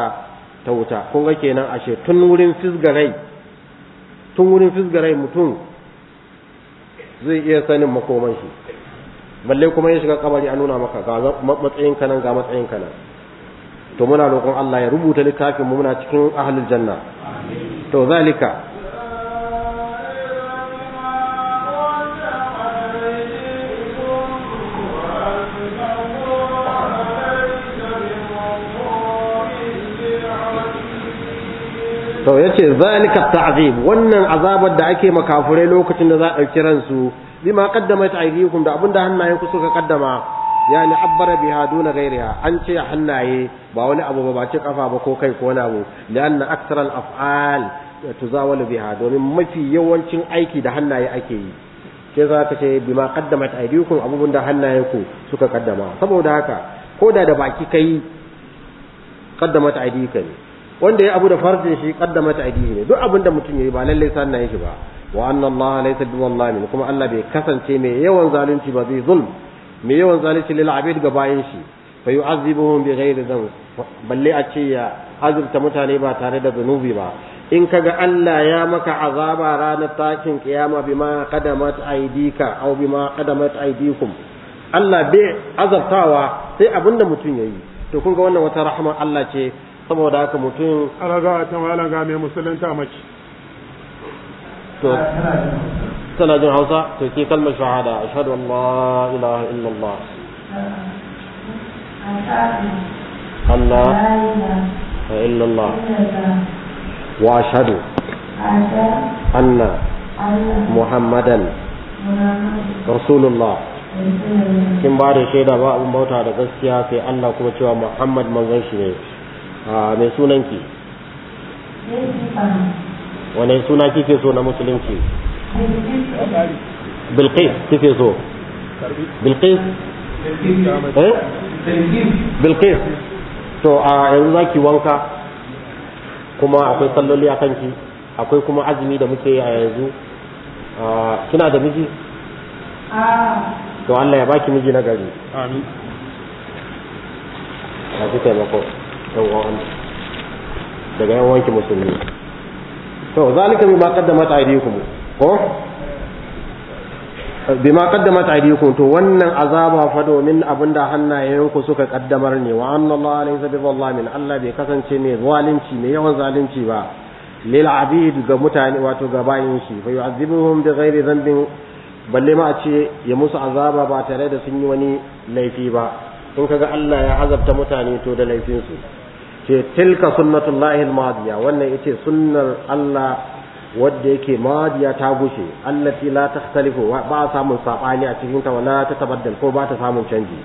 ta wuta kun ga kenan ashe tun wurin fisgarai tun wurin fisgarai mutum zai iya sanin makoman shi balle kuma ya shiga kabari a nuna maka ga matsayin kanan ga matsayin kanan to muna roƙon Allah ya rubuta littafin mu muna cikin ahlul janna to zalika to yace zalika ta'zib wannan azabar da ake makafurai lokacin da za a dauki ransu bima qaddamat aydikum da abinda ku suka kaddama yani abbara biha duna ghairiha an ce hannaye ba wani abu ba ce kafa ba ko kai ko wani abu lianna aktsara al-af'al tuzawalu biha domin mafi yawancin aiki da hannaye ake yi ke za ka ce bima qaddamat aydikum abubuwan da ku suka kaddama saboda haka ko da da baki kai qaddamat aydikum wanda ya abu da farjin shi ta ta'dihi ne duk abinda mutum yayi ba lalle sannan yake ba wa anna allaha laysa kuma allah bai kasance mai yawan zalunci ba zai zulm mai yawan zalunci lil abid ga bayin shi fa yu'azibuhum bi ghairi dhanb balle a ce ya azurta mutane ba tare da zunubi ba in kaga Allah ya maka azaba ranar takin kiyama bima qadamat aidika aw bima qadamat aidikum Allah bai azabtawa sai abinda mutum yayi to kun ga wannan wata rahama Allah ce saboda haka mutum alaga a can alaga mai musulunta mace to tana jin hausa to ke kalmar shahada ashhadu an la ilaha Allah la wa ashhadu anna muhammadan rasulullah kin ba da shaida ba abun bauta da gaskiya sai Allah kuma cewa muhammad manzon shi ne a ah, mai sunanki wane suna kike so na musulunci bilqis kike so bilqis eh? bilqis to a yanzu zaki wanka kuma akwai salloli a kanki akwai kuma azumi da muke a yanzu ah, kina da miji to Allah ya baki miji na gari amin taimako daga yan wanki musulmi to zalika bima qaddamat aydikum ko bima qaddamat aydikum to wannan azaba fa domin abinda hannayenku suka kaddamar ne wa anna allaha laysa bi zallamin allah bai kasance mai zalunci mai yawan zalunci ba lil abid ga mutane wato ga bayin shi fa yu'adhibuhum bi ghairi dhanbin balle ma ce ya musu azaba ba tare da sun yi wani laifi ba in kaga Allah ya azabta mutane to da laifinsu ce tilka sunnatullahi al madiya wannan yace sunnar Allah wadda yake madiya ta gushe allati la takhtalifu ba samun sabani a cikin ta wala ta tabaddal ko ba ta samun canji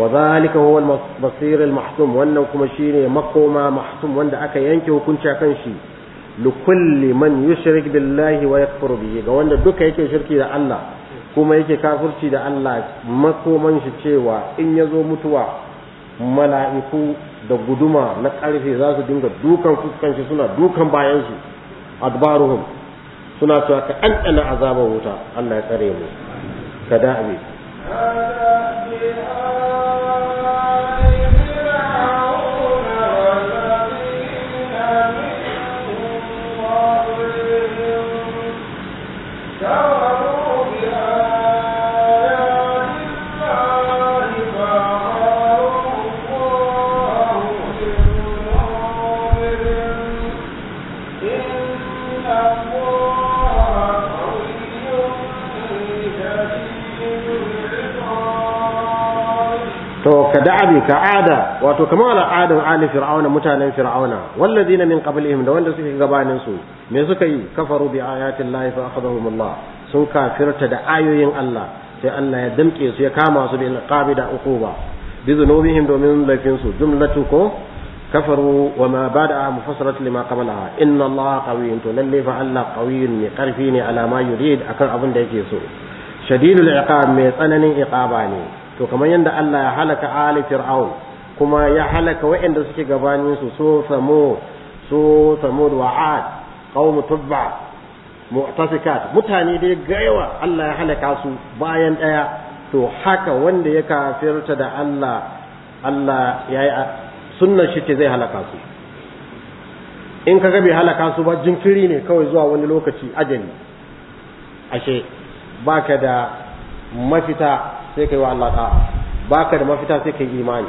wa zalika huwa al-basir al wannan kuma shine makoma mahsum wanda aka yanke hukunci kan shi kulli man yushrik billahi wa yakfur bihi ga wanda duka yake shirki da Allah kuma yake kafirci da Allah makoman shi cewa in yazo mutuwa mala'iku da guduma na ƙarfe za su dinga dukan fuskan suna dukan bayansu adbaruhum suna cewa ka ɗanɗana azabar wuta Allah ya tsare mu ka da'abe ka da'abi ka ada wato kamar al'adan ali fir'auna mutanen fir'auna walladina min qablihim da wanda suke gabanin su me suka yi kafaru bi ayatin lahi fa akhadhahum Allah sun kafirta da ayoyin Allah sai Allah ya damke su ya kama su bil qabida uquba bi dhunubihim domin laifin su jumlatu ko kafaru wa ma bada'a mufassarat lima qablaha inna Allah qawiyyun to lalle fa Allah qawiyyun ne karfi ne ala ma yurid akan abin da yake so shadidul iqab mai tsananin iqaba ne to kamar yadda Allah ya halaka ali fir'aun kuma ya halaka waɗanda suke gabanin su so samu so samu wa ad qaum tubba mu'tasikat mutane dai gaiwa Allah ya halaka su bayan daya to haka wanda ya kafirta da Allah Allah ya yi sunnar shi ce zai halaka su in kaga bai halaka su ba jinkiri ne kawai zuwa wani lokaci ajali ashe baka da mafita sai kai wa Allah da'a baka da mafita sai kai imani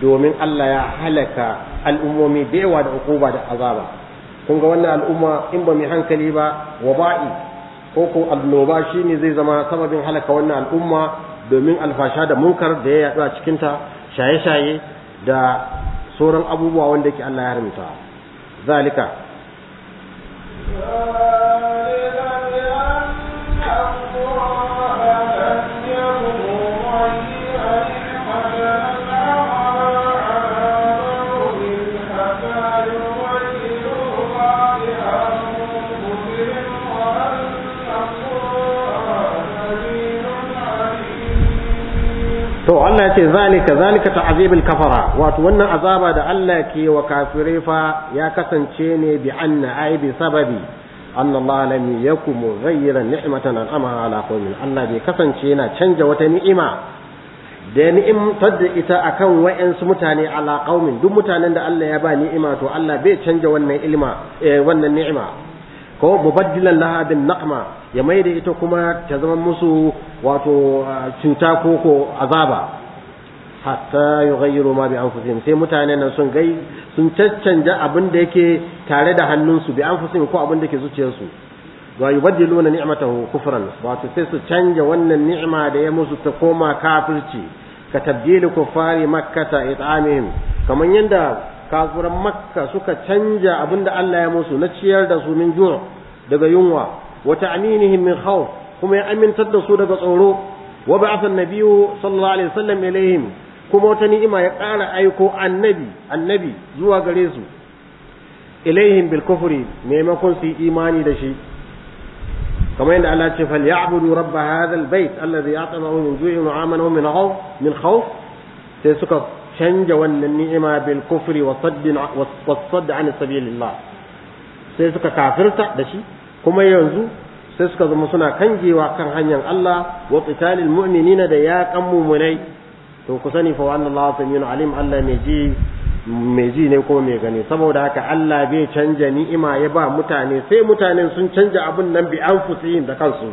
domin Allah ya halaka al'ummomi da yawa da ukuba da azaba kun ga wannan al'umma in ba mai hankali ba waba'i ko ko annoba shine zai zama sababin halaka wannan al'umma domin alfasha da munkar da ya yaɗu a ta shaye-shaye da sauran abubuwa wanda yake Allah ya haramta zalika Allah ya ce zalika zalika ta'azibul kafara wato wannan azaba da Allah ke wa kafirai fa ya kasance ne bi anna ai bi sababi anna Allah lam yakum mughayyiran ni'matan an'ama ala qaumin Allah bai kasance yana canja wata ni'ima da ni'imtar da ita akan wa'ansu mutane ala qaumin duk mutanen da Allah ya ba ni'ima to Allah bai canja wannan ilma eh, wannan ni'ima ko mubaddilan laha bin naqma ya maida ita kuma ta zama musu wato ah, cuta ko ko azaba hatta yughayyiru ma bi anfusihim sai mutanen nan sun gai sun caccanja abin da yake tare da hannunsu bi anfusihim ko abin da yake zuciyarsu wa yubaddiluna ni'matahu kufran wato sai su canja wannan ni'ima da ya musu ta koma kafirci ka tabdil kufari makkata it'amihim kaman yadda kafiran makka suka canja abin da Allah ya musu na ciyar da su min daga yunwa wa ta'minihim min khawf kuma ya amintar da su daga tsoro wa ba'atha an-nabiyyu sallallahu alaihi wasallam ilaihim kuma wata ni'ima ya ƙara aiko annabi annabi zuwa gare su ilaihim bil kufri maimakon su imani da shi kamar yadda Allah ce fal ya'budu rabb hadha al bayt alladhi a'tamahu min ju'in wa amanahum min khawf min khawf sai suka canja wannan ni'ima bil kufri wa sadd wa sadd an sabilillah sai suka kafirta da shi kuma yanzu sai suka zama suna kangewa kan hanyar Allah wa qitalil mu'minina da yaqan mu'minai to ku sani fa wannan Allah samiyun alim Allah mai ji mai ji ne ko mai gani saboda haka Allah bai canja ni'ima ya ba mutane sai mutanen sun canja abun nan bi an anfusihim da kansu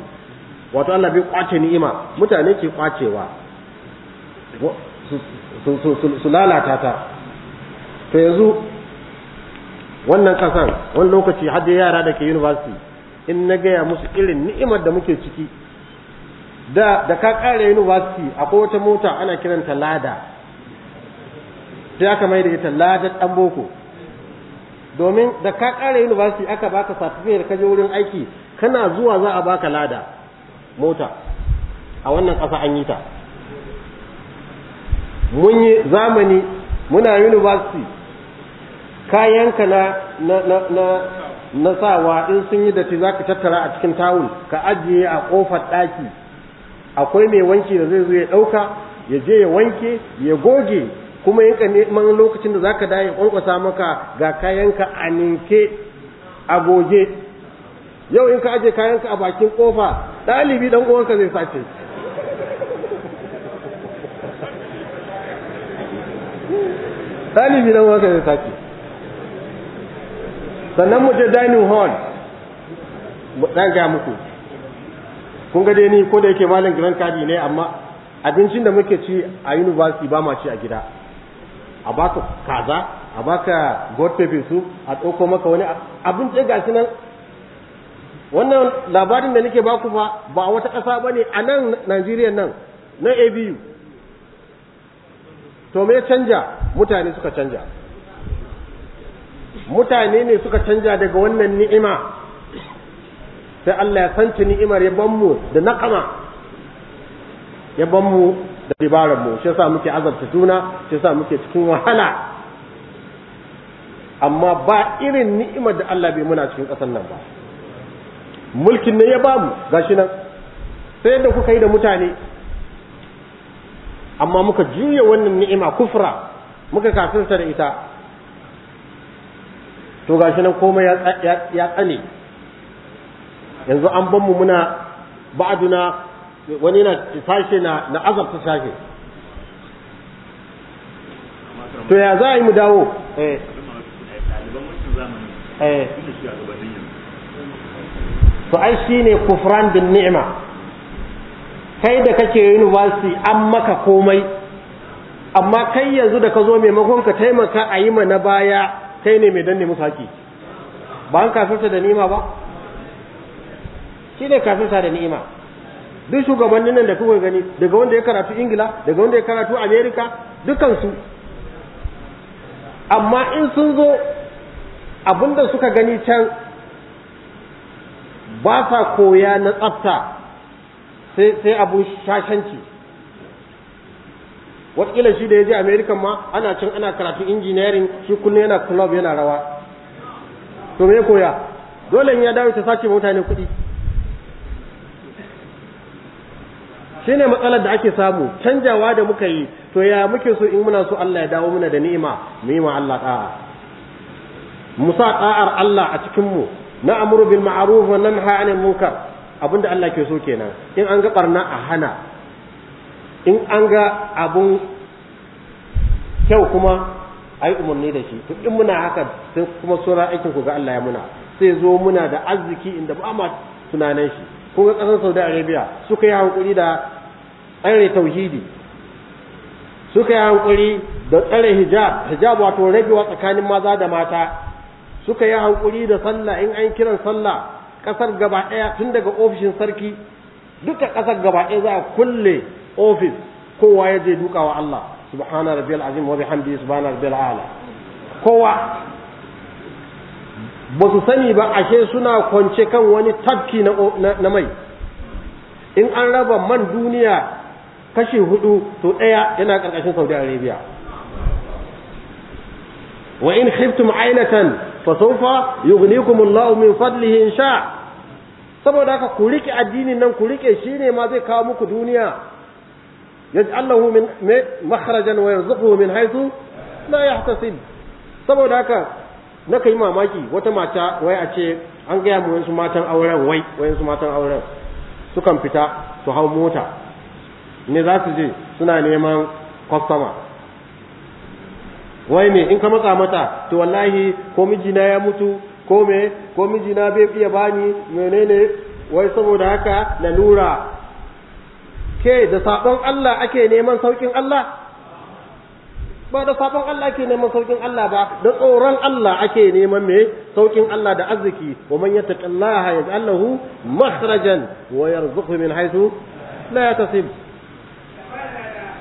wato Allah bai kwace ni'ima mutane ke kwacewa su lalata ta to yanzu wannan kasan wani lokaci har yara da ke university in na gaya musu irin ni'imar da muke ciki da da ka ƙara university akwai wata mota ana kiranta lada sai aka mai da ita lada ɗan boko domin da ka ƙara university aka baka certificate ka je wurin aiki kana zuwa za a baka lada mota a wannan ƙasa an yi ta mun yi zamani muna university kayanka na na na na sawa in sun yi da datti za ka tattara a cikin tawul ka ajiye a ƙofar ɗaki akwai mai wanki da zai zo ya ɗauka ya je ya wanke ya goge kuma yanka neman lokacin da zaka dawo ya kwankwasa maka ga kayanka a ninke a goge yau in ka aje kayanka a bakin kofa ɗalibi ɗan uwanka zai sace ɗalibi ɗan uwanka zai sace sannan mu je dining hall mu ɗan ga muku kun ga dai ni ko da yake malam giran kadi ne amma abincin da muke ci a university ba ma ci a gida a baka kaza a baka god pepper soup a tsoko maka wani abinci ga shi nan wannan labarin da nake baku fa ba wata ƙasa ba ne a nan Najeriya nan na ABU to me canja mutane suka canja mutane ne suka canja daga wannan ni'ima sai Allah ya sanci ni'imar ya ban mu da naƙama, ya ban mu da dibaran mu shi yasa muke azabta juna shi yasa muke cikin wahala amma ba irin ni'imar da Allah bai muna cikin ƙasar nan ba mulkin ne ya bamu gashi nan sai yadda kuka yi da mutane amma muka juya wannan ni'ima kufra muka kafirta da ita to gashi nan komai ya tsane yanzu an ban mu muna ba'aduna wani na sashe na na azabta sashe to ya za a yi mu dawo eh. Eh. to ai ne kufran bin ni'ima kai da kake university an maka komai amma kai yanzu da ka zo maimakon ka taimaka a yi ma na baya kai ne mai danne musu ba an kasarta da nima ba shine sa da ni'ima duk shugabannin nan da kuka gani daga wanda ya karatu ingila daga wanda ya karatu amerika dukansu amma in sun zo abinda suka gani can ba sa koya na tsafta sai abu shashanci watakila shi da ya je america ma ana can ana karatu injiniyarin shi kullum yana club yana rawa to me koya dole in ya dawo ta sace mutane kuɗi Shi ne matsalar da ake samu canjawa da muka yi to ya muke so in muna so Allah ya dawo muna da ni'ima mu yi Allah ta'a musa ta'ar Allah a cikin mu na amuru bil ma'ruf wa namha 'anil munkar abinda Allah ke so kenan in an ga barna a hana in an ga abun kyau kuma ai umarni da shi to in muna haka sai kuma sauran aikin ku ga Allah ya muna sai zo muna da arziki inda ba ma tunanin shi ko ga ƙasar saudi arabia suka yi hankuri da tsare tauhidi suka yi hankuri da tsare hijab hijab wato rabewa tsakanin maza da mata suka yi hankuri da sallah in an kiran sallah ƙasar gaba daya tun daga ofishin sarki duka kasar gaba daya za a kulle ofis kowa ya je dukawa Allah subhana rabbiyal azim wa bihamdihi subhana rabbiyal a'la kowa ba su sani ba ashe suna kwance kan wani tafki na mai in an raba man duniya kashi hudu to ɗaya yana karkashin saudi arabia wa in khiftum ainatan fa sawfa yughnikum Allahu min fadlihi in sha saboda haka ku rike addinin nan ku rike shine ma zai kawo muku duniya yaj'alahu min makhrajan wa yarzuquhu min haythu la yahtasib saboda haka na yi mamaki wata mata wai a ce an gaya mu wasu matan auren wai su matan auren sukan fita su hau mota ne za su je suna neman kwastama wai ne in ka matsa mata to wallahi ko mijina ya mutu ko me ko mijina bai iya bani menene wai saboda haka lalura ke da sabon Allah ake neman saukin Allah ba da sabon Allah ake neman saukin Allah ba da tsoron Allah ake neman me saukin Allah da arziki wa man yattaqillaha yaj'al lahu makhrajan wa yarzuqhu min haythu la yahtasib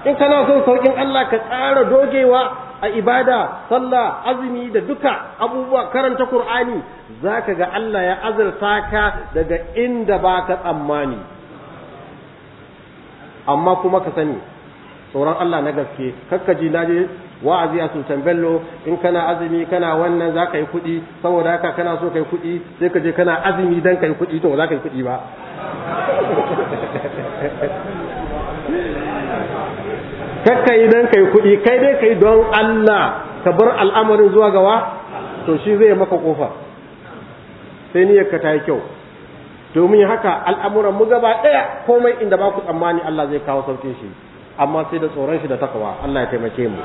in kana son saukin Allah ka tsara dogewa a ibada sallah azumi da duka abubuwa karanta qur'ani zaka ga Allah ya azurta ka daga inda baka tsammani amma kuma ka sani tsoron Allah na gaske kakka ji laje wa'azi a sultan bello in kana azumi kana wannan za ka yi kuɗi saboda haka kana so ka yi kuɗi sai ka je kana azumi dan ka yi kuɗi to za ka yi kuɗi ba kakka yi dan ka yi kuɗi kai dai ka yi don Allah ka bar al'amarin zuwa gawa to shi zai maka kofa sai ni ka ta yi kyau domin haka al'amuran mu gaba ɗaya komai inda ba ku tsammani Allah zai kawo sauƙin shi amma sai da tsoron shi da takawa Allah ya taimake mu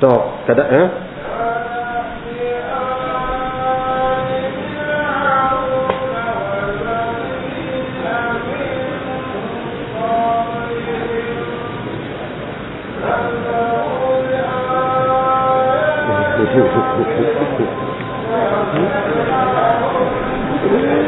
to kada eh Thank you.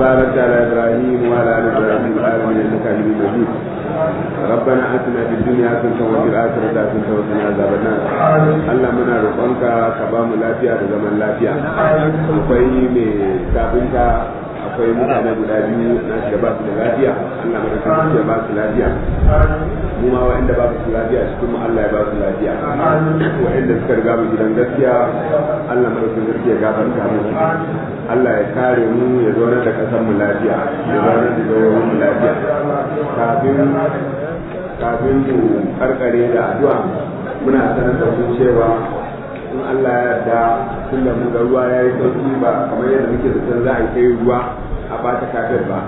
باركت على ابراهيم وعلى ال ابراهيم العالمين انك حميد مجيد ربنا اتنا في الدنيا وفي وقنا عذاب النار كبام da zaman lafiya akwai mai kafinta akwai mutane guda biyu na shiga ba su da lafiya Allah mai cikin mu Allah ya ba su lafiya wa'anda gidan gaskiya Allah madaukakin sarki ya gafarta mu Allah ya kare mu ya zo da kasar mu lafiya ya zo da doyoyin mu lafiya kafin kafin mu karkare da addu'a muna sanar da ku cewa in Allah ya yarda tun da ruwa ya yi sauki ba kamar yadda muke da zaton za a kai ruwa a bata kafet ba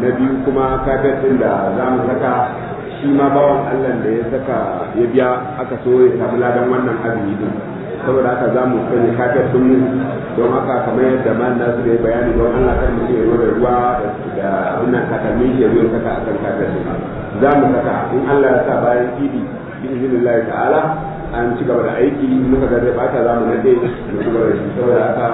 na biyu kuma kafet din da za mu saka shi ma bawan Allah da ya saka ya biya aka so ya samu ladan wannan azumi din saboda haka za mu kai kafin yi don haka kamar yadda man na su da bayani don Allah kan mutum yi da ruwa da wannan takalmin ke ya kaka a kan kafin su za mu kaka in Allah ya sa bayan idi bismillah ta'ala an ci gaba da aiki muka ga zai bata za mu nade mu ci gaba da shi saboda haka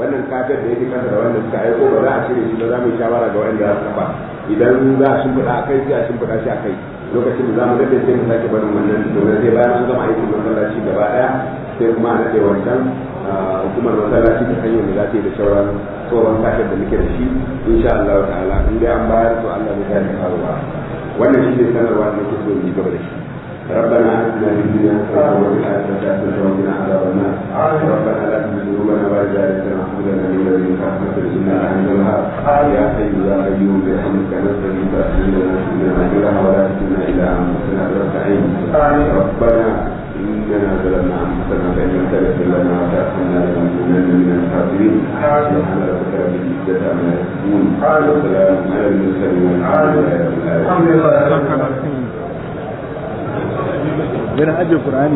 wannan kafin da yake kasa da wanda suka aiko ba za a cire shi ba za mu yi shawara ga wanda za su kafa idan za a shimfiɗa a kai sai a shimfiɗa shi a kai lokacin da za mu nade sai mu sake barin wannan domin zai bayan an gama aikin ci gaba ɗaya sai kuma ana cewa can hukumar masallaci da hanyar da za ta yi da sauran tsoron kashar da muke da shi insha Allah ta'ala in dai an Allah zai kare faruwa wannan shi ne sanarwa da yake so in gaba da shi ربنا آتنا في الدنيا حسنة وفي الآخرة حسنة na عذاب النار ربنا لا تزغ قلوبنا بعد إذ هديتنا وهب لنا من لدنك رحمة إنك أنت الوهاب يا ربنا ظلمنا انفسنا فان لم لنا وترحمنا لنكونن من الخاسرين سبحان ربك رب العزه عما يصفون وسلام على المرسلين الحمد لله من هدي القران